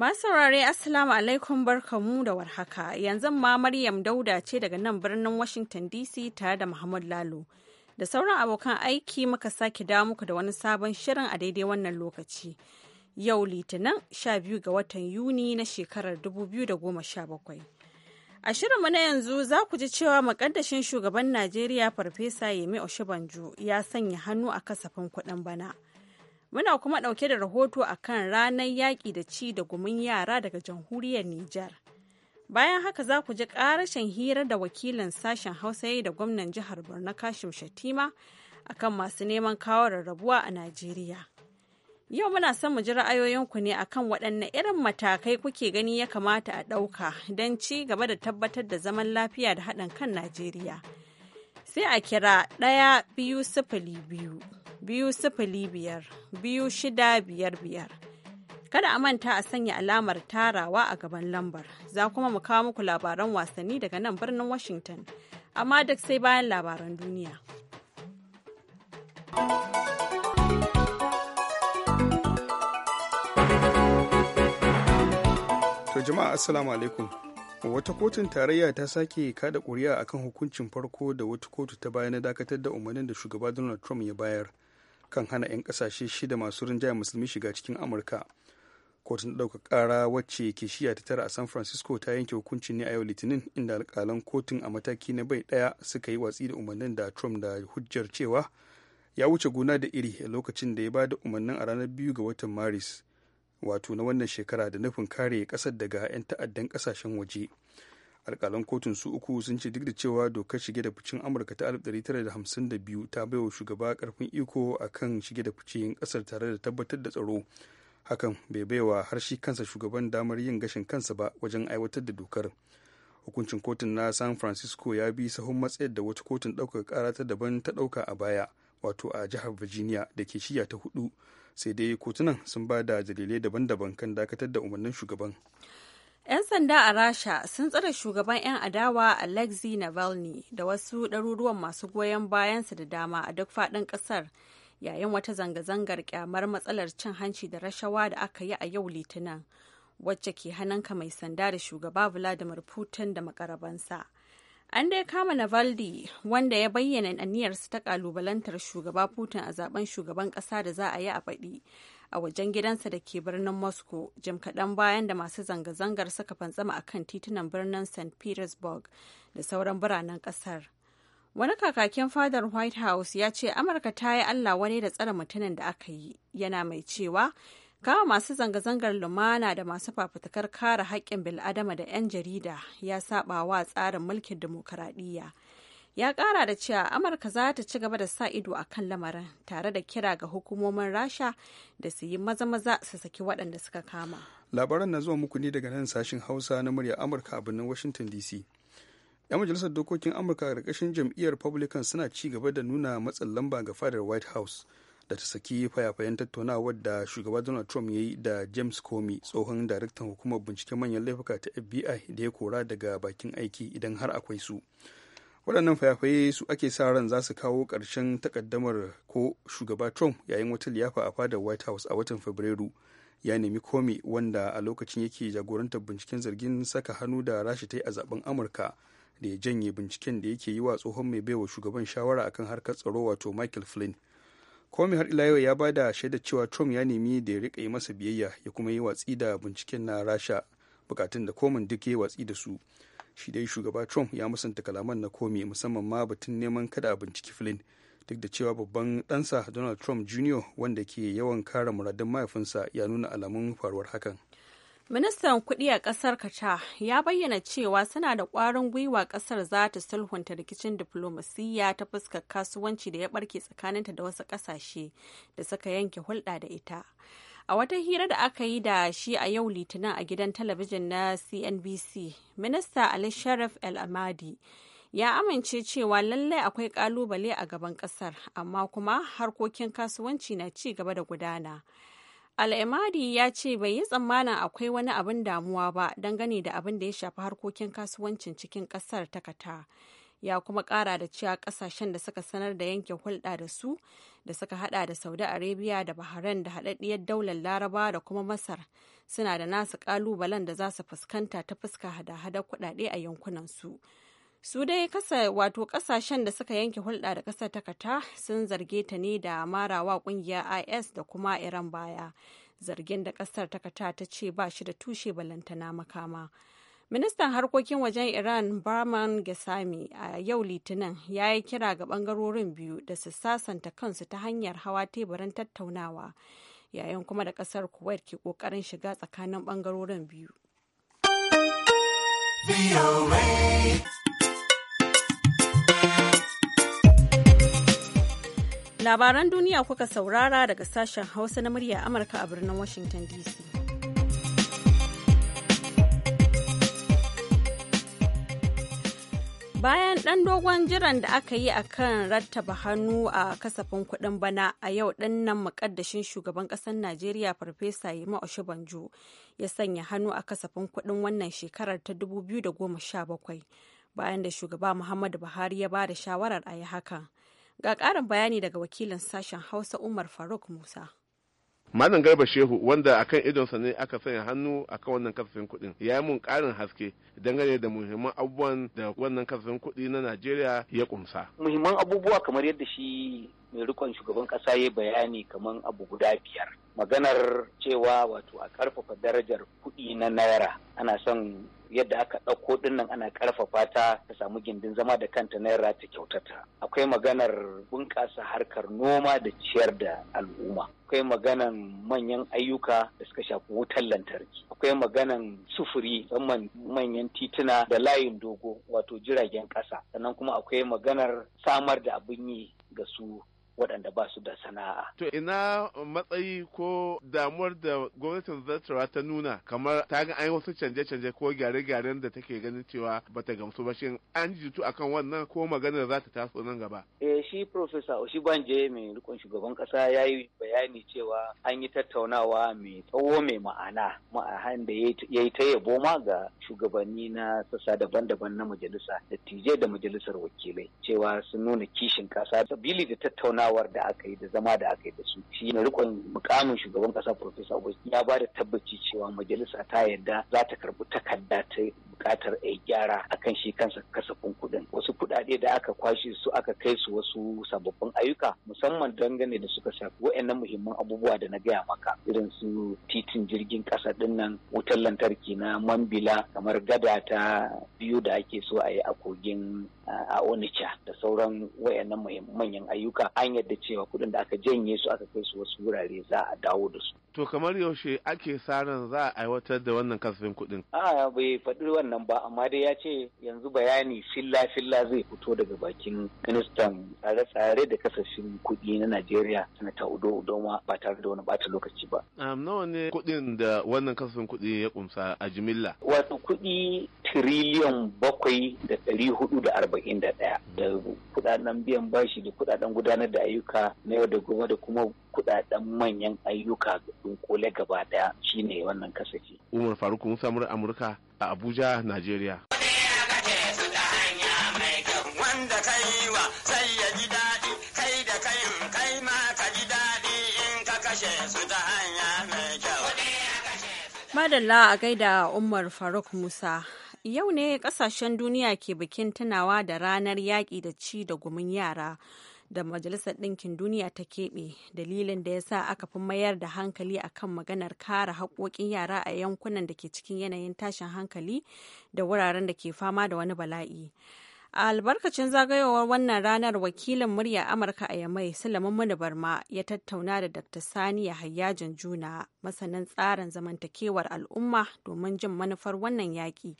Masu saurare Assalamu alaikum barkamu da warhaka. Yanzu ma Maryam Dauda ce daga nan birnin Washington DC tare da Muhammad Lalo. Da sauran abokan aiki muka sake dawo muku da wani sabon shirin a daidai wannan lokaci. Yau Litinin 12 ga watan Yuni na shekarar 2017. A shirinmu na yanzu za ku ji cewa makaddashin shugaban Najeriya Farfesa Yemi Oshibanjo ya sanya hannu a kasafin kuɗin bana. Muna kuma ɗauke da rahoto a kan ranar yaƙi da ci da gumin yara daga jamhuriyar Nijar. Bayan haka za ku ji ƙarashin hira da wakilin sashen Hausa da gwamnan jihar Borno Kashim Shatima a kan masu neman kawo rarrabuwa a Najeriya. Yau muna son mu ji ra'ayoyinku ne a kan waɗanne irin matakai kuke gani ya kamata a ɗauka don ci gaba da tabbatar da zaman lafiya da haɗin kan Najeriya. Sai a kira ɗaya biyu sifili biyu biyu sifili biyar biyu shida biyar biyar. Kada a manta a sanya alamar tarawa a gaban lambar, za kuma mu kawo muku labaran wasanni daga nan birnin Washington, amma duk sai bayan labaran duniya. To jama'a assalamu alaikum. Wata kotun tarayya ta sake kada kuri'a akan hukuncin farko da wata kotu ta baya na dakatar da umarnin da shugaba Donald Trump ya bayar. kan hana 'yan kasashe shida masu rinjaye musulmi shiga cikin amurka kotun ɗauka ƙara wacce ke shiya ta tara a san francisco ta yanke hukuncin ne a yau litinin inda alkalan kotun a mataki na bai ɗaya suka yi watsi da umarnin da trump da hujjar cewa ya wuce gona da iri a lokacin da ya ba da umarnin a ranar biyu ga watan maris wato na wannan shekara da nufin kare ƙasar daga 'yan ta'addan ƙasashen waje alkalan kotun su uku sun ce duk da cewa dokar shige da ficin amurka ta 1952 ta baiwa shugaba karfin iko a kan shige da fice yin kasar tare da tabbatar da tsaro hakan bai baiwa har shi kansa shugaban damar yin gashin kansa ba wajen aiwatar da dokar hukuncin kotun na san francisco ya bi sahun matsayar da wata kotun ɗaukar kara ta daban ta ɗauka a baya wato a jihar virginia da ke shiya ta hudu sai dai kotunan sun ba da dalilai daban-daban kan dakatar da umarnin shugaban 'Yan sanda a Rasha sun tsare shugaban 'yan adawa Alexei Navalny da wasu ɗaruruwan masu goyon bayansa da dama a duk faɗin ƙasar yayin wata zanga-zangar kyamar matsalar cin hanci da rashawa da aka yi a yau Litinin, wacce ke ka mai sanda da shugaba Vladimir Putin da makarabansa. An dai kama Navalny wanda ya bayyana aniyarsa ta kalubalantar shugaba Putin a zaben shugaban ƙasa da za a yi a baɗi. a wajen gidansa da ke birnin moscow jim kaɗan bayan da masu zanga-zangar suka fantsama a kan titunan birnin st petersburg da sauran biranen ƙasar wani kakakin fadar white house ya ce amurka ta yi allah wani da tsare mutumin da aka yi yana mai cewa kama masu zanga-zangar lumana da masu fafutukar kare haƙƙin bil'adama da 'yan jarida ya saɓa wa tsarin mulkin dimokuraɗiyya. ya kara da cewa amurka za ta ci gaba da sa ido a kan lamarin tare da kira ga hukumomin rasha da su yi maza-maza su saki waɗanda suka kama labaran na zuwa muku ne daga nan sashen hausa na murya amurka a birnin washington dc 'yan majalisar dokokin amurka a ƙarƙashin jam'iyyar republican suna ci gaba da nuna matsin lamba ga fadar white house da ta saki fayafayen tattaunawar da shugaba donald trump ya yi da james comey tsohon daraktan hukumar binciken manyan laifuka ta fbi da ya kora daga bakin aiki idan har akwai su waɗannan fayafaye su ake sa ran za su kawo ƙarshen takaddamar ko shugaba trump yayin wata liyafa a fadar white house a watan fabrairu ya nemi komi wanda a lokacin yake jagorantar binciken zargin saka hannu da rashi ta yi a zaben amurka da ya janye binciken da yake yi wa tsohon mai baiwa shugaban shawara akan harkar tsaro wato michael flynn komi har ila ya ba da shaida cewa trump ya nemi da ya riƙa yi masa biyayya ya kuma yi watsi da binciken na rasha bukatun da komin duk ya watsi da su shi dai shugaba trump ya musanta kalaman na komi musamman ma batun neman kada a binciki flynn duk da cewa babban ɗansa donald trump jr wanda ke yawan kara muradun mahaifinsa ya nuna alamun faruwar hakan ministan kuɗi a ƙasar kata ya bayyana cewa suna da ƙwarin gwiwa ƙasar za ta sulhunta rikicin diflomasiyya ta fuskar kasuwanci da ya barke tsakaninta da wasu ƙasashe da suka yanke hulɗa da ita A wata hira da aka yi da shi a yau Litinin a gidan talabijin na CNBC, Minista Ali Sharif El Amadi ya amince cewa lallai akwai kalubale a gaban kasar, amma kuma harkokin kasuwanci na ci gaba da gudana. al Al'amadi ya ce bai yi tsammanin akwai wani abin damuwa ba dangane da abin da ya shafi harkokin kasuwancin cikin kasar ta kata. Ya kuma kara da cewa kasashen da suka sanar da yanke hulɗa da su da suka hada da saudi arabia da bahrain da haɗaɗɗiyar daular laraba da kuma masar suna da nasu ƙalubalen da za su fuskanta ta fuska hada-hada kuɗaɗe a yankunansu su dai kasa wato kasashen da suka yanke hulɗa da ƙasar ta kata sun zarge ta ne da marawa ƙungiyar is da kuma iran baya zargin da ƙasar ta kata ta ce ba shi da tushe balantana makama Ministan harkokin wajen Iran Barman Gesami a yau Litinin ya yi kira ga bangarorin biyu da su sasanta kansu ta hanyar hawa teburin tattaunawa yayin kuma da kasar Kuwait ke kokarin shiga tsakanin bangarorin biyu. Labaran duniya kuka saurara daga sashen Hausa na murya Amurka a birnin Washington DC. Bayan ɗan dogon jiran da aka yi a kan rattaba hannu a kasafin kuɗin bana a yau ɗan nan muƙaddashin shugaban ƙasar Najeriya Farfesa Yemi banjo ya sanya hannu a kasafin kuɗin wannan shekarar ta 2017 bayan da shugaba Muhammadu Buhari ya ba da shawarar a yi hakan. Ga ƙarin bayani daga wakilin sashen Hausa Umar Faruk Musa. malam garba shehu wanda akan idonsa ne aka sanya hannu akan wannan kasafin kuɗin ya yi mun karin haske dangane da muhimman abubuwan da wannan kasafin kuɗi na najeriya ya kumsa muhimman abubuwa kamar yadda shi mai rikon shugaban ƙasa ya bayani kaman abu guda biyar maganar cewa wato a karfafa darajar kuɗi na naira ana son yadda aka ɗauko ɗin ana ƙarfafa ta ta samu gindin zama da kanta naira ta kyautata akwai maganar bunƙasa harkar noma da ciyar da al'umma akwai maganan manyan ayyuka da suka shafi wutar lantarki akwai maganan sufuri musamman manyan tituna da layin dogo wato jiragen ƙasa sannan kuma akwai maganar samar da abin yi ga su waɗanda ba su da sana'a. To ina matsayi ko damuwar da gwamnatin zartarwa ta nuna kamar ta ga an yi wasu canje-canje ko gyare-gyaren da take ganin cewa bata gamsu ba shin an jitu akan wannan ko maganar za ta taso nan gaba. Eh shi Profesa Oshibanje mai rikon shugaban ƙasa ya yi bayani cewa an yi tattaunawa mai tsawo mai ma'ana ma'ahan da ya yi ta yabo ma ga shugabanni na sassa daban-daban na majalisa da tije da majalisar wakilai cewa sun nuna kishin ƙasa sabili da tattaunawa tattaunawar da aka yi da zama da aka yi da su shi ne rikon mukamin shugaban kasa Profesa Obasanjo ya ba da tabbaci cewa majalisa ta yarda za ta karbi takarda ta bukatar a gyara akan shi kansa kasafin kuɗin wasu kuɗaɗe da aka kwashe su aka kai su wasu sababbin ayyuka musamman dangane da suka shafi wa'annan muhimman abubuwa da na gaya maka irin su titin jirgin ƙasa ɗinnan nan wutar lantarki na mambila kamar gada ta biyu da ake so a yi a kogin a onicha da sauran wa'annan manyan ayyuka an yadda cewa kuɗin da aka janye su aka kai su wasu wurare za a dawo da su To kamar yaushe ake sa za a aiwatar da wannan kasafin kuɗin? A bai faɗi wannan ba amma dai ya ce yanzu bayani filla-filla zai fito daga bakin ministan tsare-tsare da kasashen kuɗi na Najeriya ta Udo Udoma ba tare da wani bata lokaci ba. nawa ne kuɗin da wannan kasafin kuɗi ya kumsa a jimilla? Wato kuɗi tiriliyan bakwai da ɗari hudu da arba'in da ɗaya da kuɗaɗen biyan bashi da kuɗaɗen gudanar da ayyuka na yau da gobe da kuma kudaden manyan ayyuka sun kole gaba ɗaya shine wannan kasafi. Umar Faruk Musa Amurka a Abuja, Najeriya. Wanda kai kai da ma ka daɗi in ka kashe su Madalla a gaida Umar Faruk Musa. Yau ne kasashen duniya ke bikin tunawa da ranar yaƙi da ci da gumin yara. da majalisar ɗinkin duniya ta keɓe dalilin da ya sa aka fi mayar da hankali a kan maganar kare haƙoƙin yara a yankunan da ke cikin yanayin tashin hankali da wuraren da ke fama da wani bala'i a albarkacin zagayowar wannan ranar wakilin murya amurka a yamai sulaiman Manubarma, barma ya tattauna da dr sani hayyajin juna masanin tsarin zamantakewar al'umma domin jin manufar wannan yaƙi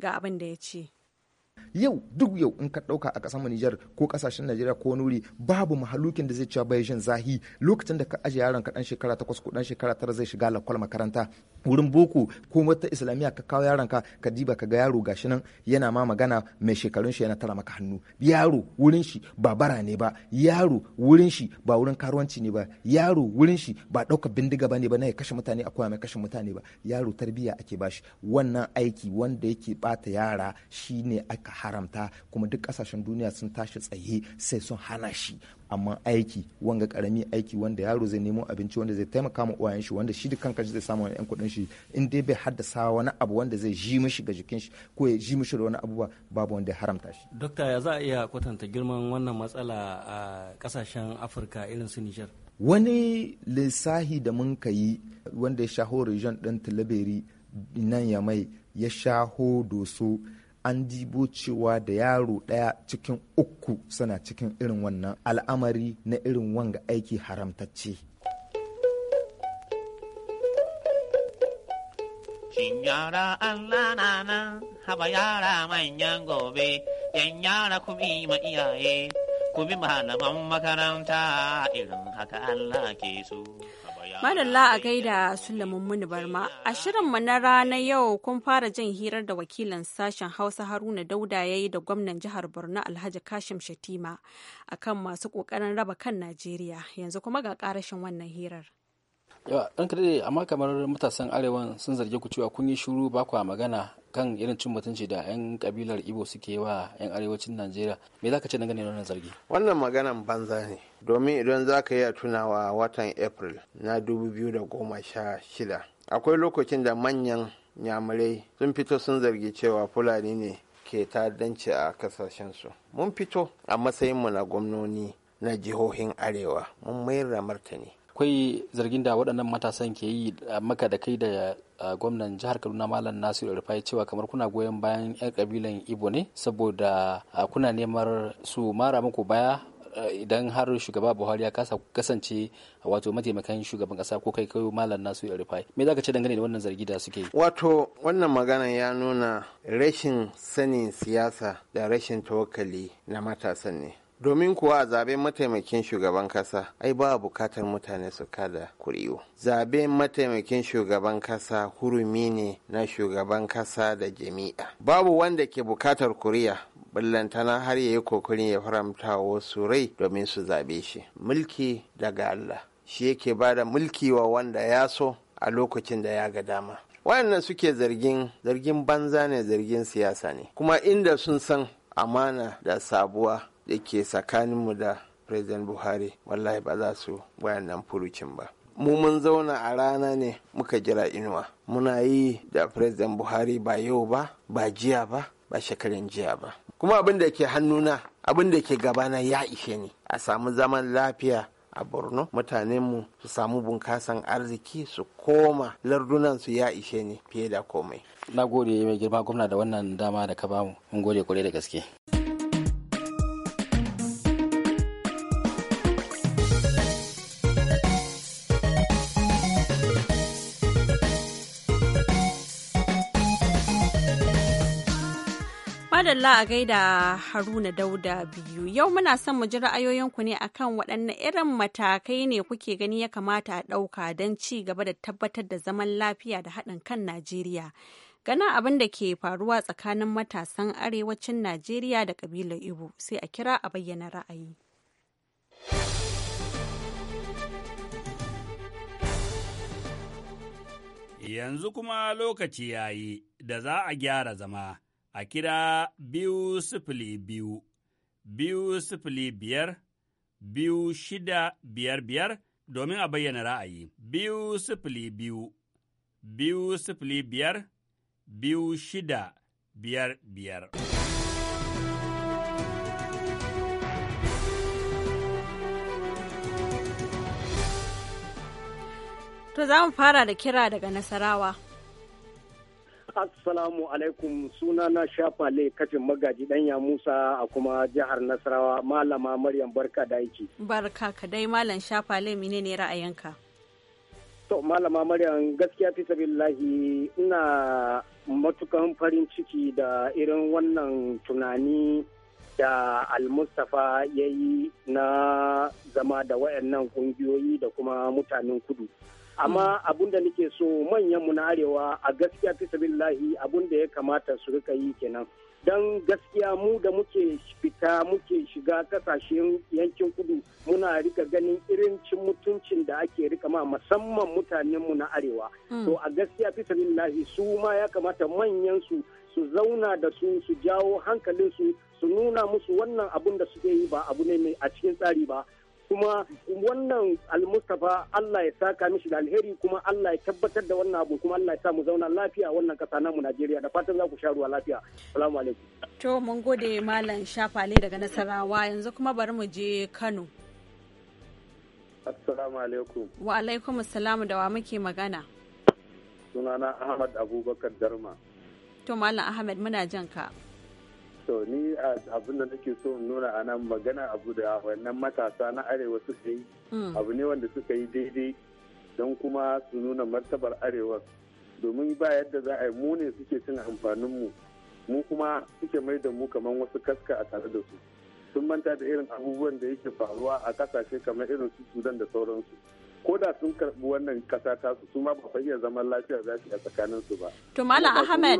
ga abin da ya ce yau duk yau in ka ɗauka a kasar Nijar ko kasashen Najeriya ko nuri babu mahalukin da zai cewa bai jin zahi lokacin da ka aje yaron ka dan shekara takwas ko ɗan shekara tara zai shiga lakwal makaranta wurin boko ko wata islamiyya ka kawo yaron ka ka diba ka ga yaro gashi nan yana ma magana mai shekarun shi yana tara maka hannu yaro wurin shi ba bara ne ba yaro wurin shi ba wurin karuwanci ne ba yaro wurin shi ba dauka bindiga ba ne ba na ya kashe mutane akwai mai kashe mutane ba yaro tarbiya ake bashi wannan aiki wanda yake bata yara shine ake ka haramta kuma duk kasashen duniya sun tashi tsaye sai sun hana shi amma aiki wanga karami aiki wanda yaro zai nemo abinci wanda zai taimaka ma uwayen shi wanda shi da kanka zai samu yan kuɗin shi in dai bai haddasa wani abu wanda zai ji mishi ga jikin shi ko ya ji mishi da wani abu babu wanda ya haramta shi dokta ya za a iya kwatanta girman wannan matsala a kasashen afirka irin su nijar wani lissahi da mun ka wanda ya shaho region ɗin tilaberi nan ya mai ya shaho doso an dibo cewa da yaro ɗaya cikin uku suna cikin irin wannan al'amari na irin wanga aiki haramtacce. Shin yara Allah na nan haba yara manyan gobe, yan yara ku bi ma iyaye, ku bi malaman makaranta irin haka Allah ke so. Madalla a gaida Sulaiman Barma. A shirin mu na ranar yau kun fara jin hirar da wakilan sashen Hausa Haruna Dauda ya yi da gwamnan jihar Borno Alhaji Kashim Shatima akan masu kokarin raba kan Najeriya. Yanzu kuma ga karashin wannan hirar. yawa ɗan kadai amma kamar matasan arewan sun zarge ku cewa kun yi shuru ba kwa magana kan irin cin mutunci da 'yan kabilar ibo suke wa 'yan arewacin najeriya me za ka ce dangane da wannan zargi wannan maganan banza ne domin idan za ka iya tunawa watan april na 2016 akwai lokacin da manyan nyamurai sun fito sun zargi cewa fulani ne ke ta'addanci a su. mun fito a matsayinmu na gwamnoni na jihohin arewa mun mayar da martani akwai zargin da waɗannan matasan ke yi maka da kai da gwamnan jihar kaduna malam nasiru rufai cewa kamar kuna goyon bayan 'yan kabilan ibo ne saboda kuna neman su mara muku baya idan har shugaba buhari ya kasa kasance wato mataimakan shugaban kasa ko kai kai malam nasu ya rufai me zaka ce dangane da wannan zargi da suke wato wannan magana ya nuna rashin sanin siyasa da rashin tawakkali na matasan ne domin kuwa a zaben mataimakin shugaban kasa ai ba bukatar mutane su kada kuri'u zaben mataimakin shugaban kasa hurumi ne na shugaban kasa da jami'a babu wanda ke bukatar kuri'a ballantana har ya yi kokarin ya faramta wasu rai domin su zabe shi mulki daga Allah shi yake ba da mulki wa wanda ya so a lokacin da ya ga dama waɗannan suke zargin zargin banza ne zargin siyasa ne kuma inda sun san amana da sabuwa da ke tsakaninmu da president buhari wallahi ba za su nan furucin ba mu mun zauna a rana ne muka jira inuwa muna yi da president buhari ba yau ba ba jiya ba ba shekarun jiya ba kuma abin da ke hannuna abin da ke gabana ya ishe ni a samu zaman lafiya a borno mutanenmu su samu bunkasan arziki su koma lardunan su ya ishe ni fiye da komai na gode mai girma gwamna da wannan dama da ka bamu mun gode kwarai da gaske Madalla a gaida Haruna Dauda biyu. Yau muna son mu ji ra'ayoyinku ne akan waɗanne irin matakai ne kuke gani ya kamata a ɗauka don ci gaba da tabbatar da zaman lafiya da haɗin kan Najeriya. Gana abin da ke faruwa tsakanin matasan arewacin Najeriya da ƙabilar Ibo sai a kira a bayyana ra'ayi. Yanzu kuma lokaci yayi da za a gyara zama. a kira biyu sifili biyu, biyu sifili biyar, biyu shida biyar biyar domin a bayyana ra'ayi. Biyu sifili biyu, biyu sifili biyar, biyu shida biyar biyar. To za mu fara da kira daga Nasarawa. Assalamu alaikum suna na le kacin magaji danya Musa a kuma jihar Nasarawa malama Maryam barka da aiki. Barka ka dai malam shafa mine ne ra'ayinka? To malama Maryam gaskiya fi sabillahi ina matukan farin ciki da irin wannan tunani da almustafa ya yi na zama da wayannan kungiyoyi da kuma mutanen kudu. amma abun da nake so manyanmu na arewa a gaskiya fi sabillahi abun da ya kamata su rika yi kenan don gaskiya mu da muke fita muke shiga kasashen yankin kudu muna rika ganin irin mutuncin da ake rika ma musamman mutanenmu na arewa hmm. to a gaskiya fi lahi su ma ya kamata manyan su su zauna da su su jawo hankalinsu su nuna musu wannan abun da suke yi ba abu ne mai a cikin tsari ba kuma wannan almustafa Allah ya saka mishi da alheri kuma Allah ya tabbatar da wannan abu kuma Allah ya sa mu zauna lafiya wannan kasa namu Najeriya da fatan za ku sha ruwa lafiya assalamu alaikum to mun gode malam shafale daga Nasarawa yanzu kuma bari mu je Kano assalamu alaikum wa alaikum assalam da wa muke magana sunana Ahmad Abubakar Darma to malam Ahmad muna jan ka to ni abin da nake so nuna a nan magana abu da wannan matasa na arewa suka yi hmm. abu ne wanda suka yi daidai don kuma su nuna martabar arewa domin ba yadda za a yi mu ne suke cin amfaninmu mu kuma suke mai da mu kamar wasu kaska a tare da su sun manta da irin abubuwan da yake faruwa a kasashe kamar irin su sudan da sauransu ko da sun karbi wannan kasa ta su su ma ba fa iya zaman lafiya za su a tsakanin su ba to malam ahmed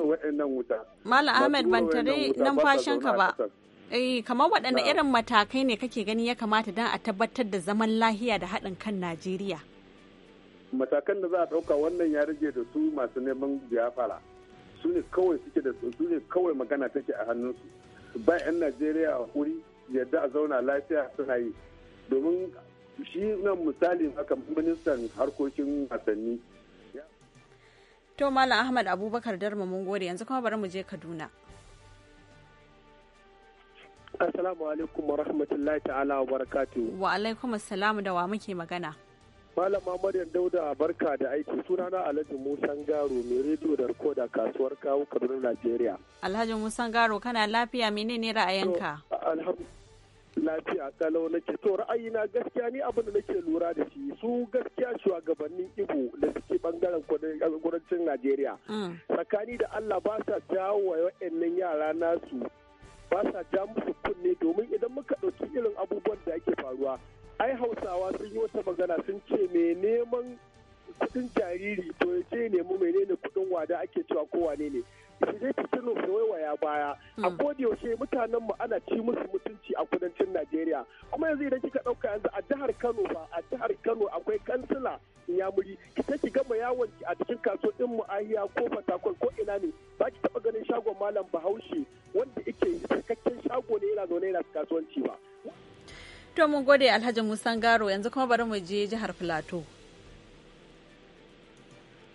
malam ahmed ban tare numfashin ka ba eh kamar waɗanne irin matakai ne kake gani ya kamata don a tabbatar da zaman lahiya da haɗin kan najeriya matakan da za a ɗauka wannan ya rage da su masu neman biyafara su ne kawai suke da su ne kawai magana take a hannunsu ba 'yan najeriya a wuri yadda a zauna lafiya suna yi domin shi nan misalin haka ministan harkokin wasanni to malam ahmad abubakar darma mun gode yanzu kuma bari mu je kaduna assalamu alaikum wa rahmatullahi ta'ala wa barakatu wa alaikum assalamu da wa muke magana Malama Maryam Dauda barka da aiki sunana Alhaji Musa Garo mai rediyo da rikoda kasuwar kawo Kaduna Najeriya. Alhaji Musan Garo kana lafiya menene ra'ayinka? Alhamdulillah lafiya kalau nake to na gaskiya ni abin da nake lura da shi su gaskiya shugabannin ibo da suke bangaren kudancin najeriya mm. tsakani da allah ba sa jawo wa wa'annan yara nasu ba sa ja musu kunne domin idan muka ɗauki irin abubuwan da ake faruwa ai hausawa sun yi wata magana sun ce mai neman kudin jariri to ya ce nemi menene kudin wada ake cewa ko wane ne shirye ta nufin waiwaya baya a hmm. yaushe mutanen mu ana ci musu mutunci a kudancin najeriya kuma yanzu idan kika dauka yanzu a jihar kano ba a jihar kano akwai kansila yamuri ki ta ki gama yawon a cikin kasuwar mu ahiya ko fatakwal ko ina ne ba ki taɓa ganin shagon malam bahaushe wanda yake cikakken shago ne yana zaune yana kasuwanci ba. to mun gode alhaji musan garo yanzu kuma bari mu je jihar plateau.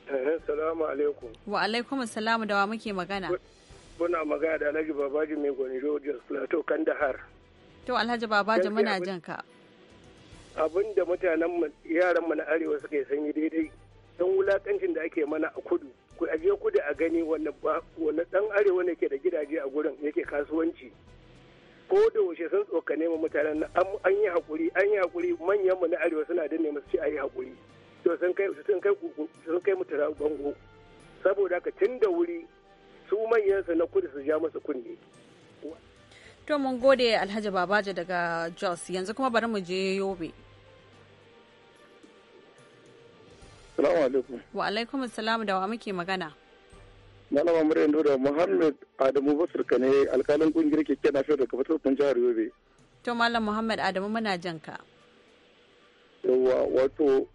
Assalamu alaikum. Wa alaikum assalamu da wa muke magana. Muna magana da Alhaji Babaji mai gwani Rogers Plateau Kandahar. To Alhaji Babaji muna jan ka. Abin da mutanen yaran mu na arewa suka yi sanyi daidai don wulakancin da ake mana a kudu. Ku aje kudu a gani wani dan arewa ne ke da gidaje a gurin yake kasuwanci. ko da washe sun tsokane mu mutanen an yi hakuri an yi hakuri manyan mu na arewa suna danne mu su a ayi hakuri to sun kai sun kai mutara bango saboda ka tun da wuri su su na kudu su ja masa kunne to mun gode alhaji babaje daga jos yanzu kuma bari mu je yobe salamu alaikum wa alaikum salam da wa muke magana malama maryam da muhammad adamu basirka ne alkalin kungiyar keke na fiye da tsofin jihar yobe to malam muhammad adamu muna jan ka Yawwa wato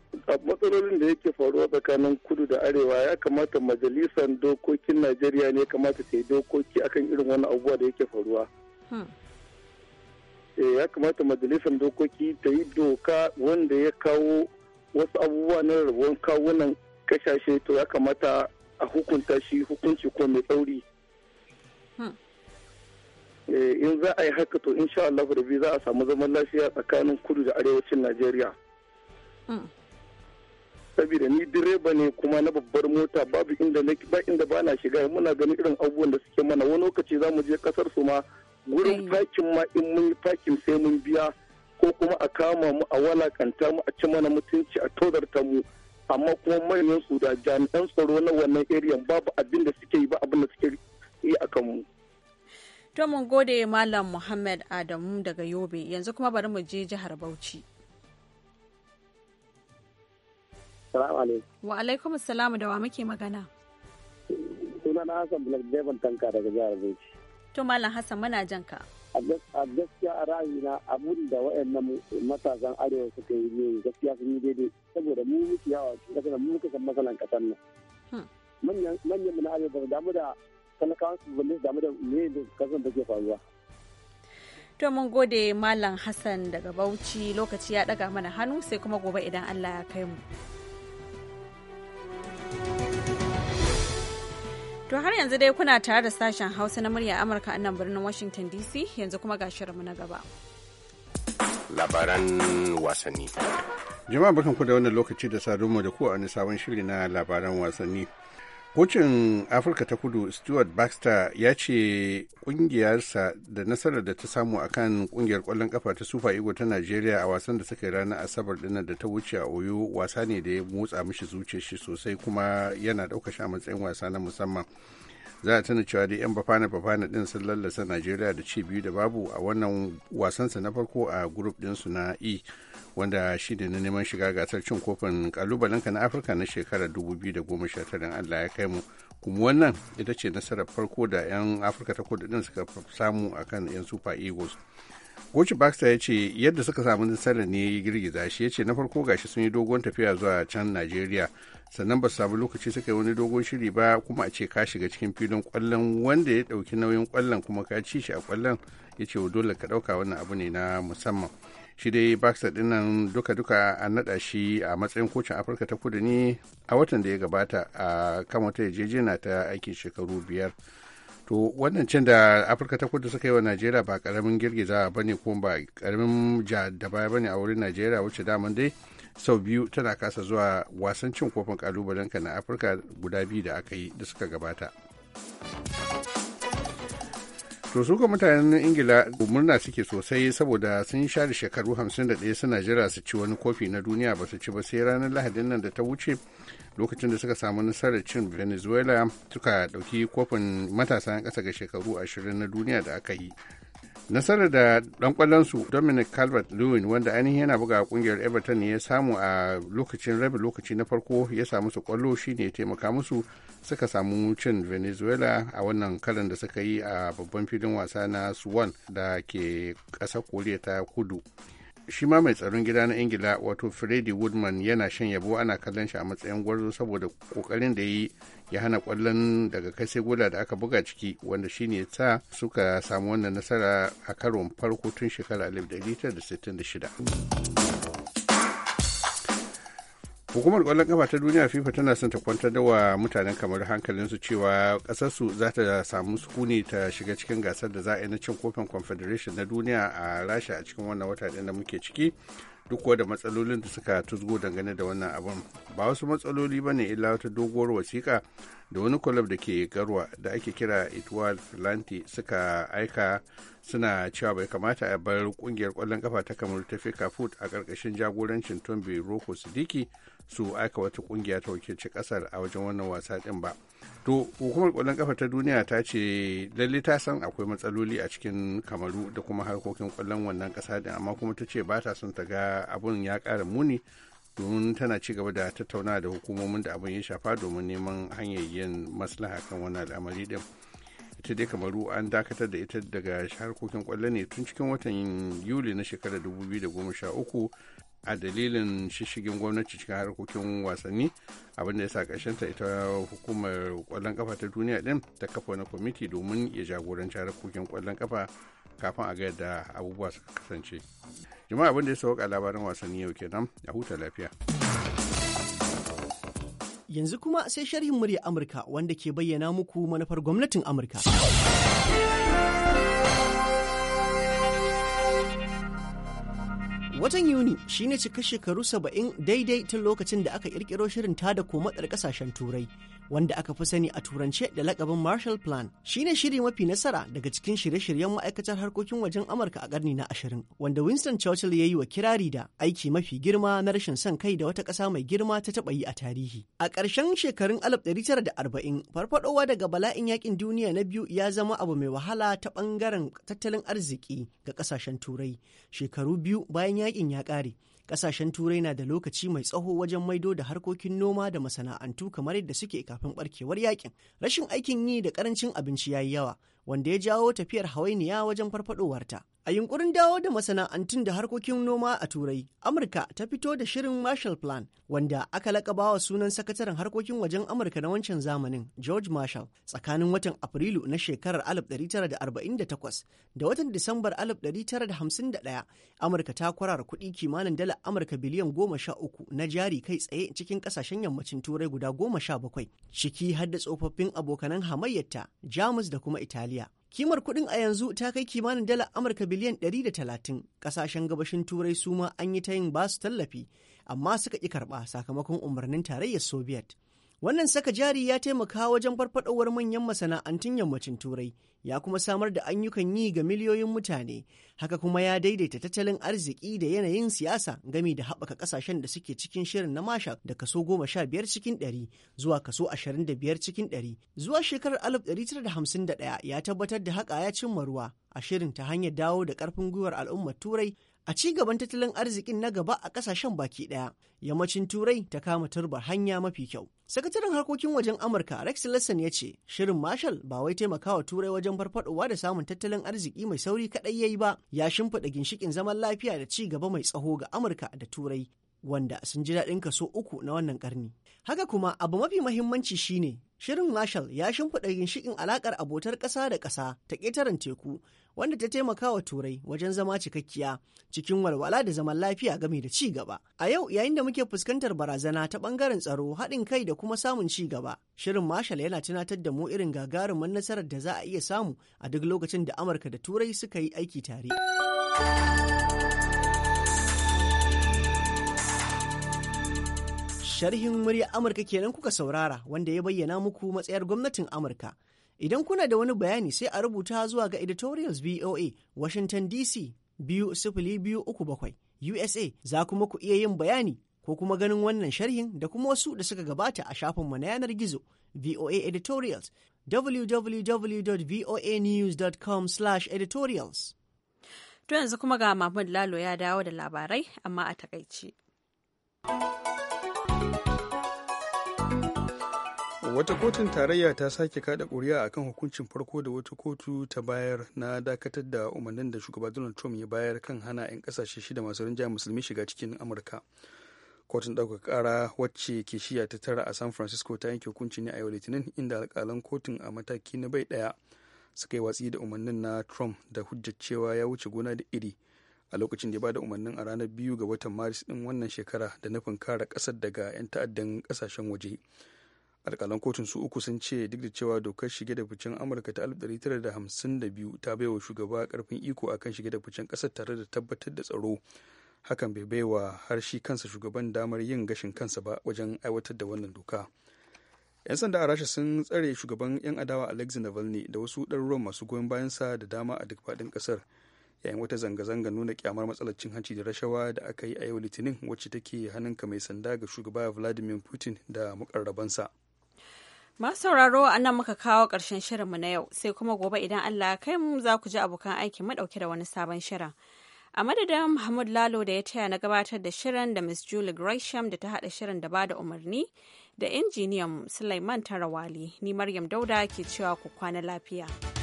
matsalolin da yake faruwa tsakanin kudu da arewa ya kamata majalisar dokokin najeriya ne kamata ta yi dokoki akan irin wani abubuwa da yake faruwa hmm. eh, ya kamata majalisar dokoki ta yi doka wanda ya kawo wasu abubuwa na rabuwan kawunan kashashe to ya kamata a hukunta shi hukunci ko mai tsauri hmm. eh, in za a yi haka to in insha Allah za a samu zaman lafiya tsakanin kudu da arewacin najeriya hmm. saboda ni direba ne kuma na babbar mota babu inda ba inda bana shiga muna ganin irin abubuwan da suke mana wani lokaci za je kasar su ma gurin fakin eh. ma in mun yi fakin sai mun biya ko kuma a kama mu a walakanta mu a ci mana mutunci a tozarta mu amma kuma manyan su da jami'an tsaro na wannan area babu abin da suke yi ba abin da suke yi a kanmu. To mun gode Malam Muhammad Adamu daga Yobe yanzu kuma bari mu je jihar Bauchi. wa'alaikuma alaikum. Wa alaikum salamu da wa muke magana. Suna na Hassan Black Devan Tanka daga jihar Bauchi. To Malam Hassan muna jan ka. A gaskiya a ra'ayina abun da wa'annan matasan arewa suka yi ne gaskiya sun yi daidai saboda mu muke yawa kasar mu muke san masalan kasar nan. Hmm. Manyan mu na arewa ba damu da talakawa su balle damu da me da kasar da ke faruwa. To mun gode Malam Hassan daga Bauchi lokaci ya daga mana hannu sai kuma gobe idan Allah ya kai mu. To har yanzu dai kuna tare da sashen Hausa na murya Amurka a nan birnin Washington DC yanzu kuma ga shirinmu na gaba. Labaran wasanni. Jama'a barkanku da wannan lokaci da saduwa da ku a wani sabon shiri na labaran wasanni. Kocin Afirka ta kudu Stuart Baxter ya ce kungiyarsa da nasarar da ta samu a kan kungiyar kwallon kafa ta Sufa Igbo ta Najeriya a wasan da suka yi ranar Asabar dinnan da ta wuce a Oyo wasa ne da ya motsa mishi zuciyar shi sosai kuma yana ɗauka a matsayin wasa na musamman. za a tana cewa da 'yan bafana bafana din sun lallasa najeriya da ci biyu da babu a wannan wasansa na farko a grup dinsu na e wanda shi da na neman shiga gasar cin kofin kalubalenka na afirka na shekarar 2019 allah ya kai mu kuma wannan ita ce nasarar farko da 'yan afirka ta kudu din suka samu akan 'yan super eagles Gochi Baxter ya ce yadda suka samu nasarar ne ya girgiza shi ya ce na farko gashi sun yi dogon tafiya zuwa can Najeriya sannan ba su samu lokaci suka yi wani dogon shiri ba kuma a ce ka shiga cikin filin kwallon wanda ya ɗauki nauyin kwallon kuma ka ci shi a kwallon ya ce dole ka ɗauka wannan abu ne na musamman. Shi dai Baxter ɗin duka-duka an naɗa shi a matsayin kocin Afirka ta kudu ne a watan da ya gabata a kan wata yarjejena ta aikin shekaru biyar. to wannan cin da afirka ta kudu suka yi wa najeriya ba karamin girgiza ba ne kuma ba karamin ja da baya ba ne a wurin najeriya wacce daman dai sau biyu tana kasa zuwa wasan cin kofin kalubalenka na afirka guda biyu da aka yi da suka gabata to su ga mutanen ingila murna suke sosai saboda sun share shekaru 51 suna jira su ci wani kofi na duniya ba su ci ba sai ranar lahadin nan da ta wuce lokacin da suka samu nasarar cin venezuela suka dauki kofin matasan kasa ga shekaru 20 na duniya da aka yi nasarar da dan kwallonsu dominic calvert lewin wanda ainihin yana buga kungiyar everton ya samu a lokacin rabin lokaci na farko ya samu su kwallo shine ya taimaka musu suka samu cin venezuela a wannan karin da suka yi a babban filin wasa na swan da ke ƙasar koriya ta kudu shi ma mai tsaron gida na ingila wato freddy woodman yana shan yabo ana kallon shi a matsayin gwarzo saboda kokarin da yi ya hana kwallon daga kase gola da aka buga ciki wanda shine ya sa suka samu wannan nasara a karon farko tun shekara 1966 hukumar kwallon kafa ta duniya fifa tana son ta kwantar da wa mutanen kamar hankalinsu cewa kasarsu za ta samu sukuni ta shiga cikin gasar da za a yi na cin kofin confederation na duniya a rasha a cikin wannan wata da muke ciki duk da matsalolin da suka tuzgo dangane da wannan abin ba wasu matsaloli ba ne illa wata doguwar wasiƙa da wani kwalab da ke garwa da ake kira etoile filanti suka aika suna cewa bai kamata a bar kungiyar kwallon kafa ta kamar ta kafut a ƙarƙashin jagorancin tombe roko sidiki su aika wata kungiya ta wakilci kasar a wajen wannan wasa din ba to hukumar kwallon kafa ta duniya ta ce lalle ta san akwai matsaloli a cikin kamaru da kuma harkokin kwallon wannan kasa din amma kuma ta ce ba ta son ta ga abun ya kara muni domin tana ci gaba da tattauna da hukumomin da abin ya shafa domin neman hanyar yin maslaha kan wannan al'amari din ita dai kamaru an dakatar da ita daga harkokin kwallo ne tun cikin watan yuli na shekarar 2013 a dalilin shishigin gwamnati cikin harkokin wasanni abinda ya sa ta ita hukumar kwallon kafa ta duniya din ta kafa wani kwamiti domin ya jagoranci harkokin kwallon kafa kafin a ga yadda abubuwa suka kasance jama'a abinda ya sauka labarin wasanni yau kenan a huta lafiya yanzu kuma sai sharhin murya amurka wanda ke bayyana muku manufar gwamnatin amurka Watan Yuni shine cika shekaru saba'in daidai tun lokacin da aka kirkiro shirin tada komatsar kasashen Turai wanda aka fi sani a turance da lakabin Marshall Plan, shine shiri mafi nasara daga cikin shirye-shiryen ma'aikatar harkokin wajen Amurka a ƙarni na ashirin, wanda Winston Churchill ya yi wa kirari da aiki mafi girma na rashin son kai da wata ƙasa mai girma ta taɓa yi a tarihi. A ƙarshen shekarun 1940, farfadowa daga bala'in yakin duniya na biyu ya zama abu mai wahala ta ɓangaren tattalin arziki ga ƙasashen Turai, shekaru biyu bayan yakin ya ƙare. Ƙasashen Turai na da lokaci mai tsaho wajen maido da harkokin noma da masana'antu kamar yadda suke kafin barkewar yakin. Rashin aikin yi da ƙarancin abinci ya yi yawa, wanda ya jawo tafiyar hawainiya wajen farfadowarta. A yunkurin dawo da masana'antun da harkokin noma a Turai, Amurka ta fito da shirin Marshall Plan, wanda aka lakaba wa sunan sakataren harkokin wajen Amurka na wancan zamanin, George Marshall, tsakanin watan Afrilu na shekarar 1948 da watan Disambar 1951, Amurka ta kwarar kuɗi kimanin dala Amurka biliyan goma sha uku na jari kai tsaye cikin ƙasashen yammacin Turai guda goma sha bakwai, ciki har da tsofaffin abokanan hamayyarta, Jamus da kuma Italiya. Kimar kuɗin a yanzu ta kai kimanin dala Amurka biliyan 130. Ƙasashen gabashin Turai suma ma an yi ta yin basu tallafi, amma suka ƙi karɓa sakamakon umarnin tarayyar Soviet. Wannan saka jari ya taimaka wajen farfadowar manyan masana'antun yammacin Turai, ya kuma samar da ayyukan yi ga miliyoyin mutane, haka kuma ya daidaita tattalin arziki da yanayin siyasa gami da haɓaka ƙasashen da suke cikin shirin na masha da kaso goma sha biyar cikin ɗari zuwa kaso ashirin da biyar cikin ɗari. Zuwa shekarar alif ɗari da hamsin da ɗaya ya tabbatar da haƙa ya cimma ruwa a shirin ta hanyar dawo da ƙarfin gwiwar al'ummar Turai a ci gaban tattalin arzikin na gaba a kasashen baki daya yammacin turai ta kama turbar hanya mafi kyau sakataren harkokin wajen amurka rex lesson ya ce shirin marshall ba wai taimakawa turai wajen farfadowa da samun tattalin arziki mai sauri kadai yayi ba ya shimfiɗa ginshikin zaman lafiya da ci gaba mai tsaho ga amurka da turai wanda sun ji daɗin kaso uku na wannan karni haka kuma abu mafi mahimmanci shine shirin marshall ya shimfiɗa ginshikin alakar abotar ƙasa da ƙasa ta ƙetaren teku wanda ta taimaka wa turai wajen zama cikakkiya cikin walwala da zaman lafiya game da ci gaba a yau yayin da muke fuskantar barazana ta bangaren tsaro haɗin kai da kuma samun ci gaba shirin marshall yana tunatar da mu irin gagarumin nasarar da za a iya samu a duk lokacin da amurka da turai suka yi aiki tare sharhin murya amurka kenan kuka saurara wanda ya bayyana muku matsayar gwamnatin amurka Idan kuna da wani bayani sai a rubuta zuwa ga editorials VOA Washington DC biyu sifili biyu uku bakwai USA za kuma ku iya yin bayani ko kuma ganin wannan sharhin da kuma wasu da suka gabata a shafinmu na yanar gizo VOA editorials www.voanews.com editorials. To yanzu kuma ga Mahmud Lalo ya dawo da labarai amma a takaice. wata kotun tarayya ta sake kada kuri'a akan hukuncin farko da wata kotu ta bayar na dakatar da umarnin da shugaba donald trump ya bayar kan hana 'yan kasashe shida masu rinjaye musulmi shiga cikin amurka kotun ɗaukar kara wacce ke shiya ta tara a san francisco ta yanke hukunci ne a yau litinin inda alkalan kotun a mataki na bai ɗaya suka yi watsi da umarnin na trump da hujjar cewa ya wuce gona da iri a lokacin da ya bada umarnin a ranar biyu ga watan maris ɗin wannan shekara da nufin kare kasar daga 'yan ta'addan kasashen waje. alkalan kotun su uku sun ce duk da cewa dokar shige da ficen amurka ta 1952 ta baiwa shugaba karfin iko akan shige da ficen kasar tare da tabbatar da tsaro hakan bai baiwa har shi kansa shugaban damar yin gashin kansa ba wajen aiwatar da wannan doka 'yan sanda a rasha sun tsare shugaban 'yan adawa alexei navalny da wasu ɗaruruwan masu goyon bayansa da dama a duk faɗin ƙasar yayin wata zanga-zanga nuna kyamar matsalar cin hanci da rashawa da aka yi a yau litinin wacce take ka mai sanda ga shugaba vladimir putin da mukarrabansa Masu sauraro a nan muka kawo ƙarshen shirinmu na yau sai kuma gobe idan Allah kai mu za ku ji abokan aiki madauke da wani sabon shirin. A madadin Muhammad Lalo da ya taya na gabatar da shirin da Miss Julie Gresham da ta haɗa shirin da ba da umarni da injiniyan Sulaiman Tarawali ni Maryam Dauda ke cewa ku kwana lafiya.